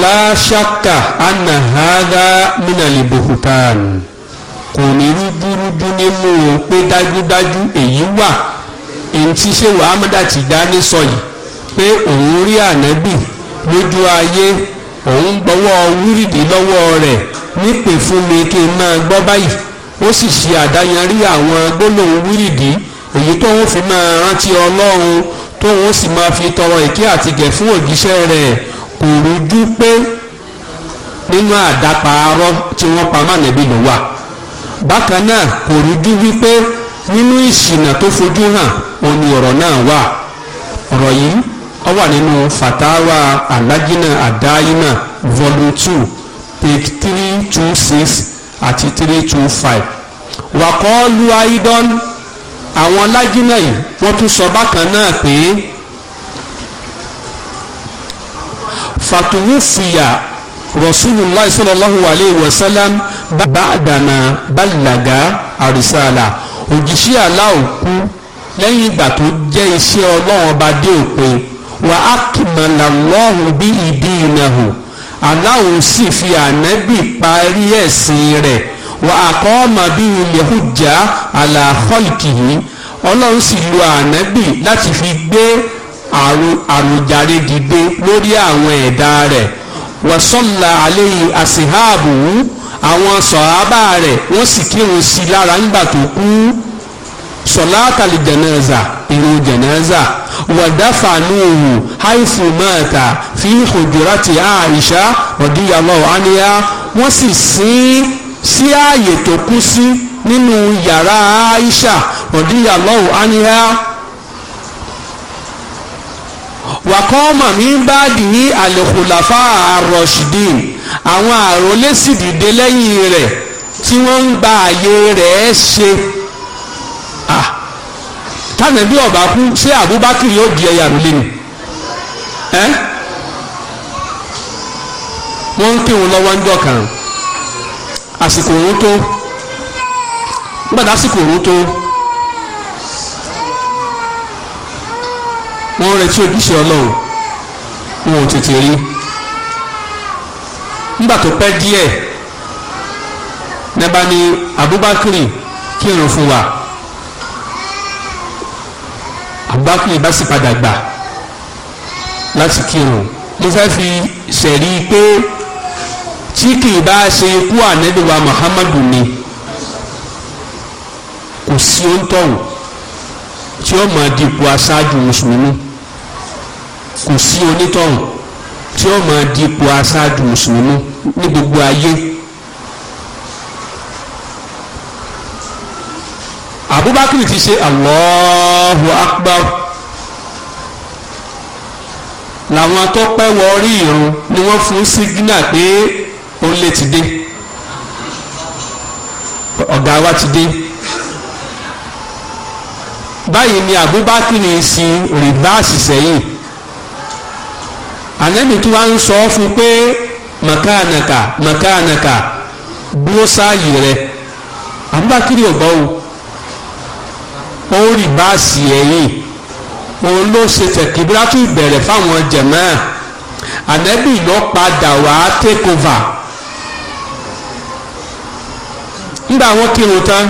la shakka ana hadha minali buhutan kò ní rúdúrúdú nínú pé dájúdájú èyí wà èyí tí sèwọ amúdá ti dání sọ yìí pé òun rí ànábì lójú ayé òun gbọ́wọ́ wúrìdì lọ́wọ́ rẹ̀ nípè fún mi kí n máa gbọ́ báyìí ó sì ṣe àdáyanrí àwọn gbólóhùn wúrìdì èyí tóun fi máa rántí ọlọ́run tóun sì máa fi tọrọ ìkẹ́ àtìgẹ̀ fún òjíṣẹ́ rẹ̀ kò pé nínú àdápaarọ́ tí wọ́n pa mánàbí ló wà bákan náà kò rújú wípé nínú ìsìnà tó fojú hàn òun ni ọ̀rọ̀ náà wà ọ̀rọ̀ yìí ó wà nínú fatawa alájínà àdáyínà volume two page three àti 325 two wàkọ́ lu aidan àwọn yìí wọ́n tún sọ bákan náà pé. fatuwufiya rasulillah sallallahu alayhi wa sallam ba'dama balaga arisala òjìṣẹ́ aláwọ̀ kú lẹ́yìn ìgbà tó jẹ́ iṣẹ́ ọlọ́run ọba dé òpin wa akmala Allahu bí dinahu aláwọ̀ sì fi ànábì parí ẹ̀sìn rẹ̀ wa aqama bí ilẹ̀ hujja ala khalqihi ọlọ́run sì lo ànábì láti fi gbé àròjàre dìde lórí àwọn ẹ̀dá rẹ̀ wàsọ́là àléyìn àsìháàbù àwọn sọ̀hábà rẹ̀ wọ́n sì kírun sí i lára ńgbà tó kú sọ̀látàlì jẹ̀nẹ́zà ìrun jẹ̀nẹ́zà wàdáfàánúhù haifu mẹ́ta fi hùjúrátì àìṣá ọ̀díyàlọ́ àníyá wọ́n sì sin sí ààyè tó kú sí nínú yàrá àìṣá ọ̀díyàlọ́ àníyá wàkọ́ọ̀mọ̀ mi ń bá dì ní àlèkùlàfà àròṣìdìn àwọn àròlé sì dìde lẹ́yìn rẹ̀ tí wọ́n ń gba àyè rẹ̀ ṣe tánàbí ọba kú ṣé Abubakar yóò di ẹyà rẹ lẹ́nu ẹ wọ́n ń kírun lọ́wọ́ ń jọ kàn àsìkò òun tó gbọ́dọ̀ àsìkò òun tó. wọ́n retí ojúṣe ọlọ́run wọn ò tètè rí nígbà tó pẹ́ díẹ̀ nẹ́bà ni Abubakar kírun fún wa Abubakar bá sì padà gbà láti kírun mo fẹ́ fi ṣẹ̀rí pé tí kì í bá ṣe ikú ànábì Muhammadu ni kò sí ohun tọ̀hún tí ó máa di ipò aṣáájú mùsùlùmí kò sí onítọ̀hún tí ó máa dípò aṣáájú mùsùlùmí ní gbogbo ayé. Abubakar ti ṣe Allahu Akbar làwọn tó pẹ́ wọ orí ìrun ni wọ́n fún sígínà pé ó lè ti dé ọ̀gá wa ti dé báyìí ni Abubakar sì rìbáàsì sẹ́yìn. ànábì tí wọ́n sọ fún pé maka anaka dúró sáàyè rẹ àbúbákiri ọ̀gbọ́n o ó rí báàsì ẹ̀yìn òun ló ṣe tẹ̀kíbírátù ìbẹ̀rẹ̀ fáwọn jẹ̀mọ́ ànábì lọ padà wá take over nígbà wọn kírun tán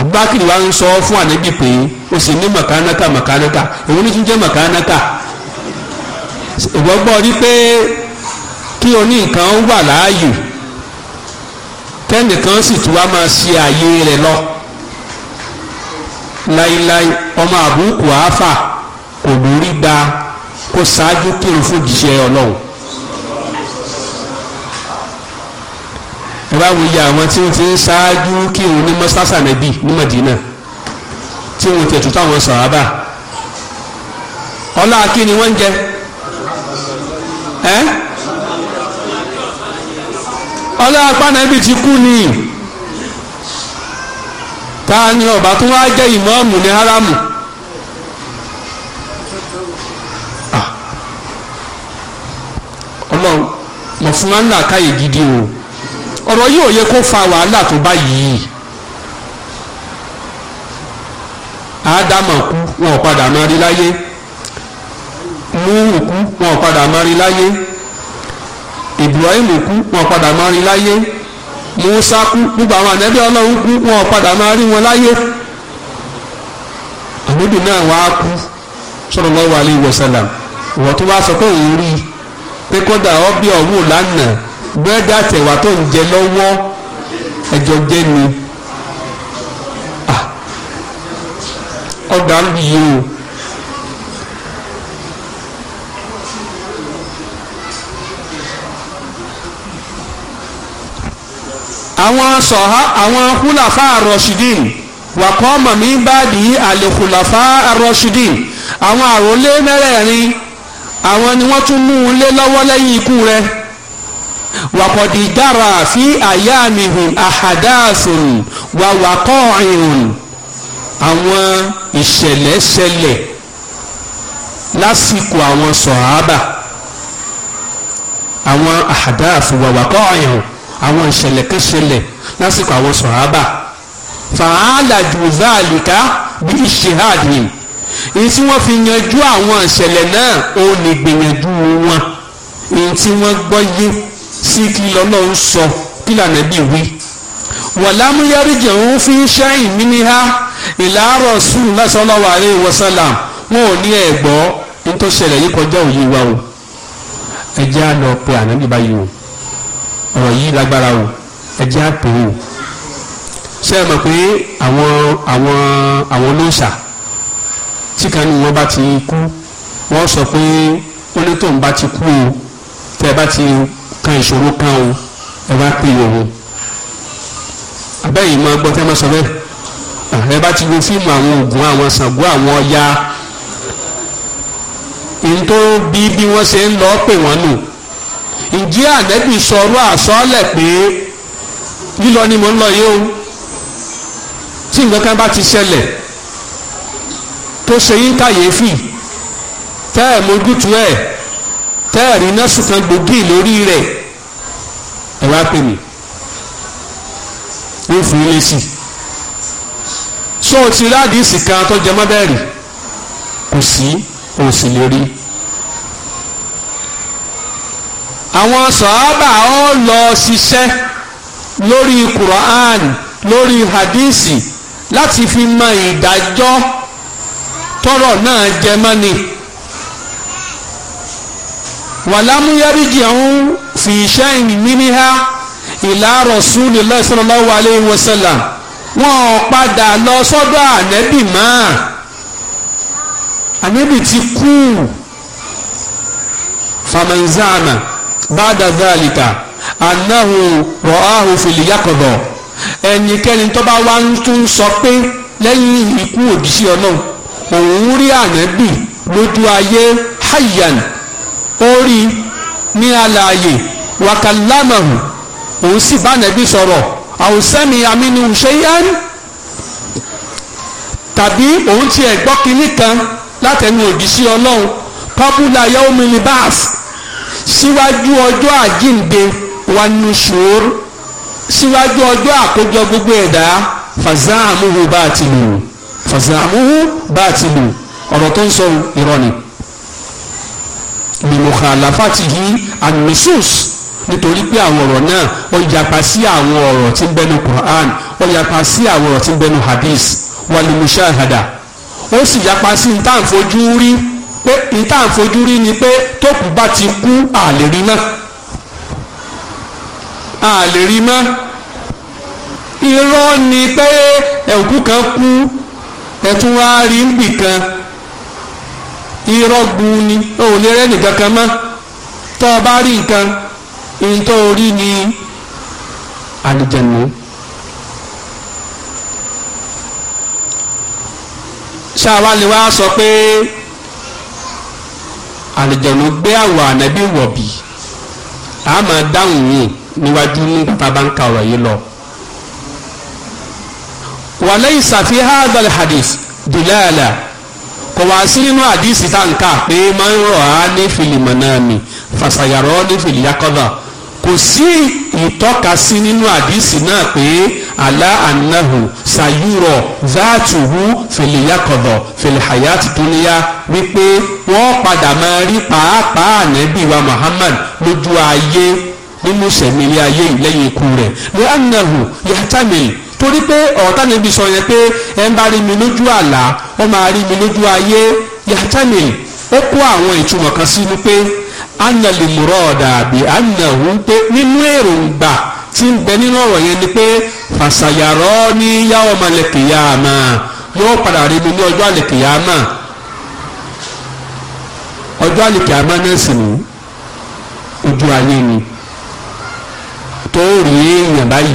àbúbákiri wa ń sọ fún ànábì pé o sì ní màkànàkà màkànàkà òun ní tún jẹ́ anaka. ìgbọ́gbọ́ rí pé kí oní nǹkan wà láàyè kẹ́nìkan sì tún wá máa ṣe àyè rẹ̀ lọ láíláí ọmọ àbúkù àáfà kò lórí gba kó ṣáájú kírun fún jíṣẹ́ ọlọ́run ẹ bá wo iye àwọn tí wọ́n ti ń ṣáájú kírun ní mọ́sáṣà nẹ́bì ní Mádínà tí wọ́n tẹ̀tù táwọn sàhábà ọlá kí ni wọ́n ń jẹ ẹ́ ọlọ́wọ́ apánábì ti kú ni ta ni ọba tó wá jẹ́ ìmọ̀ọ́mù ní haramu. ọlọ́run mọ̀ káyè gidi o ọ̀rọ̀ yìí ò yẹ kó fa wàhálà tó báyìí ádámà kú wọn ò padà máa rí láyé. Nuhu kú wọn padà máa rí láyé Ibrahim kú wọn padà máa rí láyé Musa kú gbogbo àwọn ànábì Ọlọ́run kú wọn padà máa rí wọn láyé ànábì náà wá kú sallallahu alaihi wasallam ìwọ̀n tó bá sọ pé òun rí i pé kódà ni ọgbà ń àwọn sọ̀há àwọn húlàfà rọ̀ṣídìn wàkọ́mọ̀ mi bá di àlèkùlàfà rọ̀ṣídìn àwọn àròlé mẹ́rẹ̀ẹ̀rin àwọn ni wọ́n tún mú un lé lọ́wọ́ lẹ́yìn ikú rẹ̀ wàkọ̀dì dára fi àyàmìhùn àhàdáàsùn wà wàkọ́ ìrùn àwọn ìṣẹ̀lẹ̀ ṣẹlẹ̀ lásìkò àwọn sọ̀hábà àwọn àhàdáàsùn wà wàkọ́ ìrùn àwọn ìṣẹ̀lẹ̀ kẹsẹ̀lẹ̀ lásìkò àwọn sọ̀hábà fàálà jùzá àlìká bí ìṣèhádì ní tí wọ́n fi yanjú àwọn ìṣẹ̀lẹ̀ náà ó lè gbìyànjú wọn ní tí wọ́n gbọ́ yé sí kí lọ́nà ń sọ kí lànà bí wí wàlámúyárìjì ń fi ṣáì mìíníhá ìlàárọ̀ sùn lásánláwà àlẹ́ ìwọ̀sálàm wọn ò ní ẹ̀gbọ́ ní tó ṣẹlẹ̀ yìí kọjá òye wa o ẹ̀jẹ̀ á lọ pe ànábì báyìí o ọ̀rọ̀ yìí lágbára o ẹ jẹ́ àpè o ṣé ẹ mọ̀ pé àwọn àwọn àwọn olóòṣà tí kan ní wọn bá ti kú wọ́n sọ pé wọ́n ní tóun bá ti kú o tẹ́ ẹ bá ti kan ìṣòro kan o ẹ bá pè òun abẹ́yìí máa gbọ́ tẹ́ ẹ sọ bẹ́ẹ̀ ẹ bá ti wo fíìmù àwọn Ògún àwọn Ṣàngó àwọn Ọya n bí bí wọ́n ṣe ń lọ pè wọ́n nù. No ǹjẹ́ ànẹ́bì sọ̀rọ̀ àsọ́ọ́lẹ̀ pé lílọ ni mò ń lọ yìí o tí nǹkan kan bá ti ṣẹlẹ̀ tó ṣe yín kàyéfì tẹ́ ẹ̀ mójútu ẹ̀ tẹ́ ẹ̀ rí nọ́ọ̀sì kan gbòógì lórí rẹ̀ ẹ̀ wá pè mí ó fún ilé sí so ti rádìsì kan tó jẹ mọ́ bẹ́ẹ̀ rí kò sí òsì lè rí. àwọn sọ̀hábà ó lọ ṣiṣẹ́ lórí Quran lórí hadisi láti fi mọ ìdájọ́ tọ́rọ̀ náà jẹ mọ́ni wàlámúyárìjì ọ̀hún fi iṣẹ́ ìmíníhá ìlà Rasulillah sallallahu alayhi wa sallam padà lọ sọ́dọ̀ ànẹ́bì máa ànẹ́bì ti kú famanzana bada zalika anahu rọ̀háhu fìlìyàkọ̀dọ̀ ẹnikẹ́ni tó bá wá ń tún sọ pé lẹ́yìn ikú òjíṣẹ́ ọlọ́run òun rí ànábì lójú ayé hayyan ó rí ní alààyè wàkàlámàhù òun sì bá ànábì sọ̀rọ̀ àwòsẹ́mi aminu ṣẹ́yán tàbí òun tiẹ̀ gbọ́ kinní kan látẹnu òjíṣẹ́ ọlọ́run pọ́bùlà yẹ́wọ́mi ní báàsì síwájú ọjọ́ àjínde wa nushur síwájú ọjọ́ àkójọ gbogbo ẹ̀dá fàzáàmúhù báàtìlù fàzáàmúhù báàtìlù ọ̀rọ̀ tó ń sọ irọ́ ni mimukhalafatihi an-nusus nítorí pé àwọn ọ̀rọ̀ náà ó yapa sí àwọn ọ̀rọ̀ tí ń bẹnu Qur'an ó yapa sí àwọn ọ̀rọ̀ tí ń bẹnu hadith wal mushahada ó sì yapa sí ní táǹfojú rí pé ìta àfojú rí ni pé tókù bá ti kú àlè rí mọ́ àlè rí mọ́ irọ́ ni pé ẹ̀kú kan kú ẹ̀tún wá rí nbì kan irọ́ gbun ni o ò rẹ́ nìkan kan mọ́ tọ́ ọ bá rí nǹkan ìtọ́ orí ni àlìjẹ̀nù. ṣáà wá lè wá sọ pé àlìjẹ̀nu gbé àwọ̀ ànábì wọ̀bì a máa dáhùn yìí níwájú nígbà tá a bá ń ka ọ̀rọ̀ yìí lọ. wàlẹ́ ìsàfi hadal hadith dùlẹ́ẹ̀lẹ̀ kò wá sí nínú àdìsí tá pé máa ń rọ̀ á ní fìlìmọ̀ náà ní fìlìyàkọ́dà kò sí ìtọ́kasí nínú àdìsí náà pé àlá ànáhù sayúrọ̀ záàtùhù fèlèyàkọ̀dọ̀ fèlèhàyàtì dúníyà wípé wọ́n padà máa rí pàápàá ànábì wa Muhammad lójú ayé nínú sẹ̀mílẹ̀ ayé lẹ́yìn ikú rẹ̀ ní ànáhù yàtàmìlì torí pé ọ̀tá níbi sọ yẹn pé ẹ ń bá rí mi lójú àlá ó máa rí mi lójú ayé yàtàmìlì ó kó àwọn ìtumọ̀ kan sínú pé annali murọ́ọ̀dà àbí annahu pé nínú èròǹgbà tí ń bẹ nínú ọ̀rọ̀ yẹn ni pé fàṣàyàrọ́ ní yàwó malẹ̀kìyàmà yóò padà rí mi ní ọjọ́ àlẹ̀kìyàmà ọjọ́ àlẹ̀kìyàmà náà sì ní ojú ayé ni tó rí èèyàn báyìí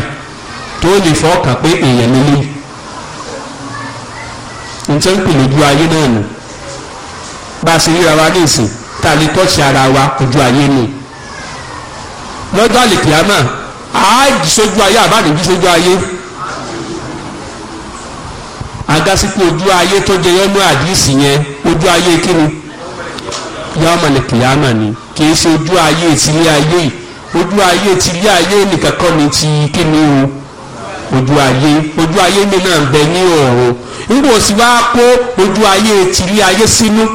tó lè fọkàn pé èèyàn nílé nǹkan pè lójú ayé náà nù bá a ṣe ríra wa ní ìsìn tá a lè tọ́sí ara wa ojú ayé ni lọ́jọ́ àlẹ̀kìyàmà àájì sójú ayé àbáàdìjí sójú ayé agasipo ojú ayé tó jẹ yọnú àdìsí yẹn ojú ayé kíni yọmọlẹ kìyàmà ni kì í ṣe ojú ayé ìtìlẹ ayé ojú ayé ìtìlẹ ayé nìkan ni ti kíni o ojú ayé ojú ayé mi náà bẹ ní ọ̀run nígbà òsì wá kó ojú ayé tìrí ayé sínú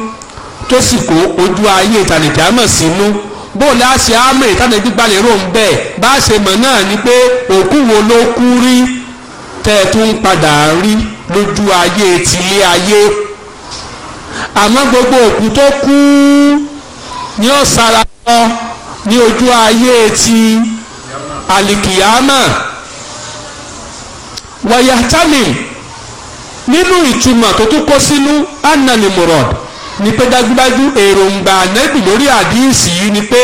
tó sì kó ojú ayé ìtàlẹ̀dámọ̀ sínú. Si bóòlù àṣẹ àmì ìtàdé gbígbà lérò ń bẹ́ẹ̀ bá a ṣe mọ̀ náà ni pé òkú wo ló kú rí tẹ́ ẹ tún padà rí lójú ayé tìlé ayé àmọ́ gbogbo òkú tó kú ni ó sara lọ ní ojú ayé ti alikiyama wàyàtàmì nínú ìtumọ̀ tó tún kó sínú annalimurad ni pé dájúdájú èròǹgbà ànábì lórí àdíìsì yìí ni pé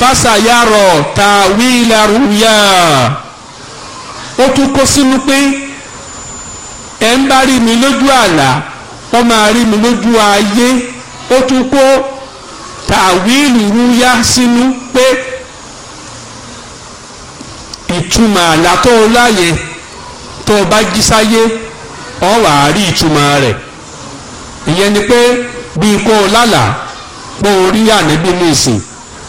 fásayárọ̀ ta wíìlàrúyà ó tún kó sínú pé ẹ ń bá rí mi lójú àlá ó máa rí mi lójú ayé ó tún kó tàwíìlì rúyà sínú pé ìtumọ̀ àlá tó o láyè tó o bá jí sáyé o wàá rí ìtumọ̀ rẹ̀ ìyẹn ni pé bíi kó o lálàá kó o rí ànábì ní ìsìn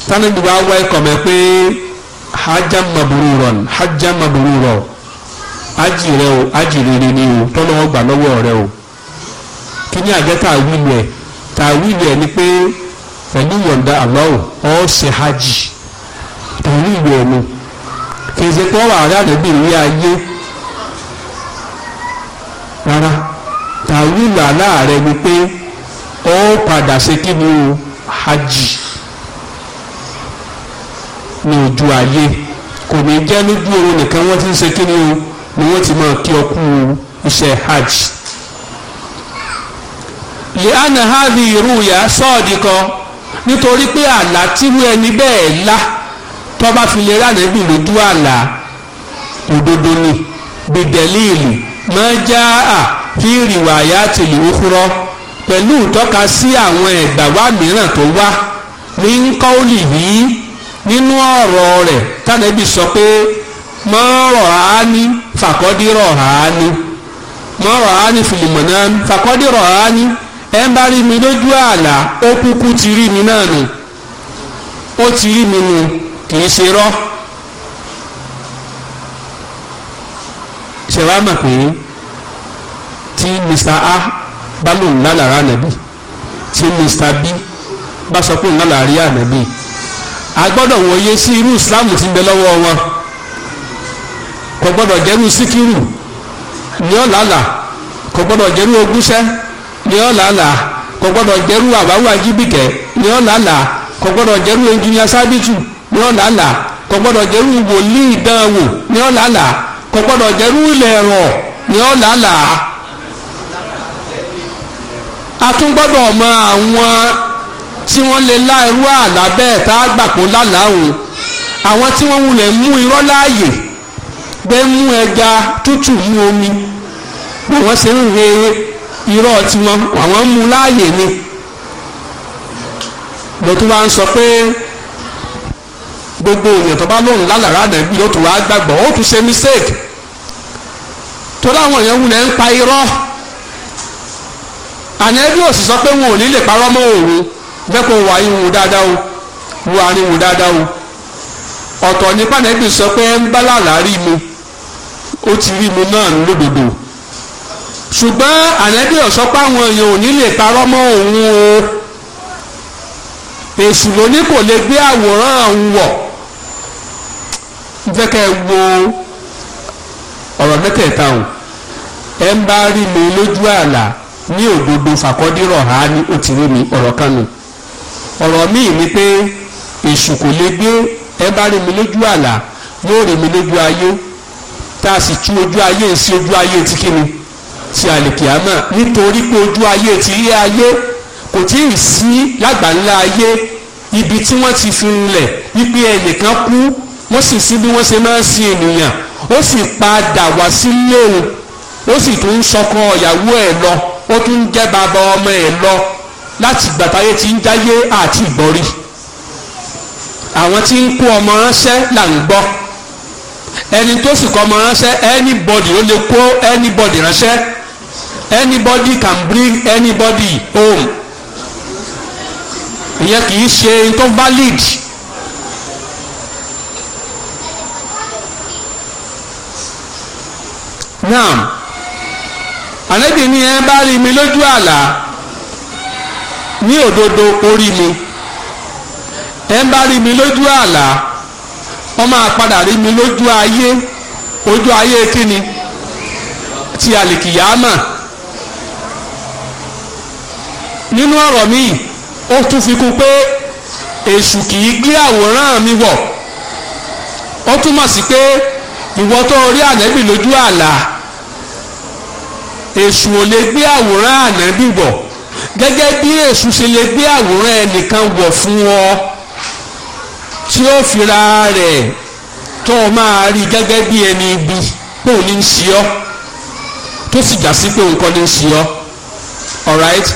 tánàbí wá ẹkọ mẹ pé hajjá maburu rọ hajjá maburu rọ ájì rẹ o ájì rere ni o tọ́lọ́wọ́ lọ́wọ́ o a ni pé pẹ̀lú yọ̀ǹda Allah ọ ṣe hajj tó wí lu ànábì rí ayé rárá ó padà ṣe kí ni o hajj ní ojú ayé kò ní jẹ́ lójú oorun nìkan wọ́n ti ń ṣe kí ni o ni wọ́n ti máa kí ọkú iṣẹ́ hajj. liana havi iruya sọ́ọ̀dì kan nítorí pé àlá tírú ẹni bẹ́ẹ̀ lá tọ́ba fi lè rà níbi lójú àlá òdodo ni bìdẹ́lì ìlú máa já à fi rìwàyà tìlú òkúrọ́ pẹ̀lú ìtọ́ka sí àwọn ẹ̀gbàwá mìíràn tó wá ní kọ́ọ̀lì yìí nínú ọ̀rọ̀ rẹ̀ tànẹ́bí sọ pé mọ́rọ̀ á ní fàkọ́dírọ̀ á ní mọ́rọ̀ á ní fìlìmọ̀nà fàkọ́dírọ̀ á ní ẹ̀ ń bá rí mi lójú àlá ó kúkú ti rí mi náà nù ó ti rí mi nù kì í ṣe rọ́ ṣe wá mọ̀ pé tí Mr. A balu lòun lálàrá ànábì tí mr b bá sọ pé òun lálàrí ànábì a gbọ́dọ̀ wòye sí irú islam t'i ń bẹ lọ́wọ́ wọn kò gbọ́dọ̀ jẹ́rú síkírù ní ọ̀làlà kò gbọ́dọ̀ jẹ́rú ogúnṣẹ́ ní ọ̀làlà kò gbọ́dọ̀ jẹ́rú àbáwá jíbìkẹ́ ní ọ̀làlà kò gbọ́dọ̀ jẹ́rú ẹnjìnìá sábìtù ní ọ̀làlà kò gbọ́dọ̀ jẹ́rú wòlíì dánwò ní ọ̀làlà kò gbọ́dọ̀ jẹ́rú ilẹ̀ ẹ̀rọ ní ọ̀làlà. a tún gbọ́dọ̀ mọ àwọn tí wọ́n lè lá irú àlá bẹ́ẹ̀ tá a gbà kó lálàá òun àwọn tí wọ́n wulẹ̀ mú irọ́ láàyè gbé mú ẹja tútù mú omi àwọn ṣe ń re irọ́ tiwọn àwọn mú láàyè ni lọ́tún wá ń sọ pé gbogbo èèyàn tó bá lóun lálàrá nàbí ló tún wá gbàgbọ́ ó tún ṣe mistake tó láwọn èèyàn wulẹ̀ ń pa irọ́ ànẹ́bí ò sì sọ pé wọn ò ní lè parọ́ mọ́ òun dẹ́kun wà á wù dáadáa o wù á ní wù dáadáa o ọ̀tọ̀ ní pànẹ́bí sọ pé ń rí mu ó ti rí mu náà lódodo ṣùgbọ́n ànẹ́bí ò sọ pé àwọn èèyàn ò ní lè parọ́ mọ́ òun o èṣù ló ní kò lè gbé àwòrán òun wọ̀ fẹ́ wo ọ̀rọ̀ mẹ́tẹ̀ẹ̀ta o ẹ ń bá rí mi lójú àlá ní òdodo fàkọ́dírọ̀ ha ní ó ti rí mi ọ̀rọ̀ kan nù ọ̀rọ̀ míì ni pé èṣù kò lè gbé ẹ bá rí mi lójú àlá yóò rí mi lójú ayé tá a sì tú ojú ayé sí ojú ayé ti kíni ti àlìkìámà nítorí pé ojú ayé ti rí ayé kò tí ì sí lágbàńlá ayé ibi tí wọ́n ti fi rinlẹ̀ wípé ẹnìkan kú wọ́n sì sí bí wọ́n ṣe máa ń sin ènìyàn ó sì padà wá sílé òun ó sì tún sọkọ ìyàwó ẹ̀ lọ ó tún ń jẹ́ bàbá ọmọ ẹ̀ lọ láti gbàtàyé tí ń jáyé àti ìgbọ́rí àwọn tí ń kó ọmọ ránṣẹ́ là ń gbọ́ ẹni tó sì kọ́ ọmọ ránṣẹ́ anybody ó lè kó anybody ránṣẹ́ anybody can bring anybody home ìyẹn kì í ṣe tó valid. Naam ànábì ni ẹ bá rí mi lójú àlá ní òdodo orí mi ẹ bá rí mi lójú àlá wọ́n máa padà rí mi lójú ayé ojú ayé kíni ti àlìkìyámà nínú ọ̀rọ̀ mi ó tún fi kún pé èṣù kì í gbé àwòrán mi wọ̀ ó túmọ̀ sí pé ìwọ tó rí ànábì lójú àlá èṣù ò lè gbé àwòrán ànábì wọ̀ gẹ́gẹ́ bí èṣù ṣe lè gbé àwòrán ẹnìkan wọ̀ fún ọ tí ó fira rẹ̀ tó o máa rí gẹ́gẹ́ bí ẹni ibi pé òun ní ń ṣe ọ́ tó sì já sí pé òun kọ́ ní ń ṣe ọ́ alright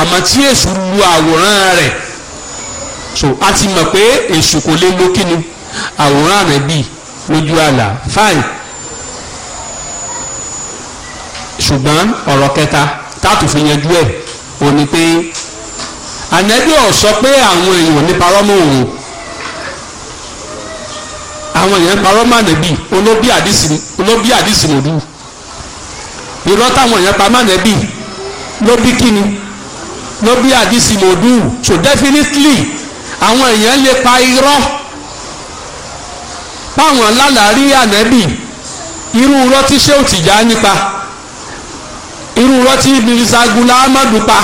àmọ́ tí èṣù lu àwòrán rẹ̀ so a ti mọ̀ pé èṣù kò lè lo kíni àwòrán rẹ̀ bíi lójú àlà fine. ṣùgbọ́n ọ̀rọ̀ kẹta táàtù fi yanjú ẹ̀ ò ní pé ànẹ́bí ọ̀ sọ pé àwọn èèyàn ní parọ́ mọ́ òun àwọn èèyàn parọ́ mọ́ ànẹ́bí olóbí àdìsí olóbí àdìsí mòdù irọ́ táwọn èèyàn pa mọ́ ànẹ́bí ló bí kíni ló bí àdìsí mòdù so definitely àwọn èèyàn lè pa irọ́ báwọn lálàá rí ànẹ́bí irú irọ́ tí ṣé ò tìjà nípa irú rọtí mirisagunla amadu pa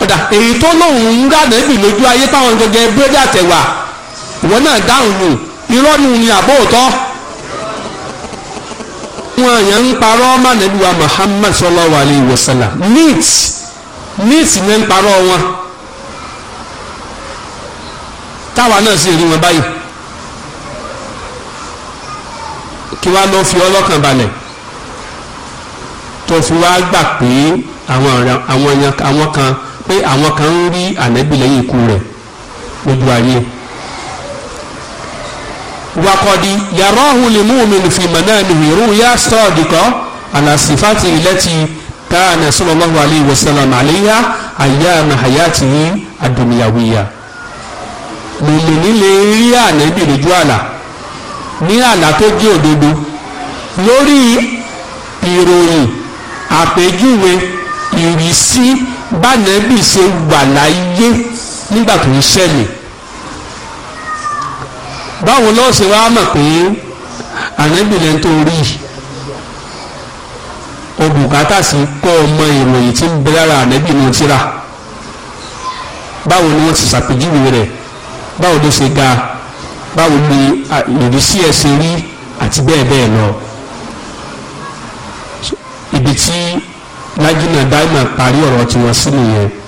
ọ̀dà èyí tó lóun ń rà nẹ́bì lójú ayé táwọn gẹ́gẹ́ búrẹ́dì àtẹ̀wà wọn náà dáhùn nù irọ́ nù ní àbóòtọ́ wọn yẹn ń parọ́ ọmọ nẹ́bì wa Muhammad sallallahu alayhi wa sallam neat neat ní ń parọ́ wọn táwa náà sì rí wọn báyìí kí wàá lọ fi ọlọ́kàn balẹ̀ tó fi wá gbà pé àwọn kan pé àwọn kan ń rí ànábì lẹ́yìn ikú rẹ̀ lójú ayé wakọdi yàrọ́hùn lèmúmin fìmọ̀ náà nìyí rúyà sọ́ọ̀dìkọ́ àlàsífàtì ìlẹ́tì káàna sallallahu alayhi wa sallam àléyà àyàmà àyàtì àdùnìyàwìyà mùmìnì lè rí ànábì lójú àlà ní àlà tó jẹ́ òdodo lórí ìròyìn àpèjúwe ìrísí bánẹ́bì ṣe wà láyé nígbà tó ń ṣẹlẹ̀ báwo lọ́ọ́ ṣe wá mọ̀ pé ànẹ́bì lẹ́nu tó rí olùkátà sí kọ́ ọmọ ìròyìn tí ń bẹ lára ànẹ́bì náà tíra báwo ni wọ́n ti ṣàpèjúwe rẹ̀ báwo ló ṣe ga báwo ni ìrísí ẹ̀ ṣe rí àti bẹ́ẹ̀ bẹ́ẹ̀ lọ. No ibi tí lájínà dáìmà parí ọ̀rọ̀ tiwọn sí nìyẹn.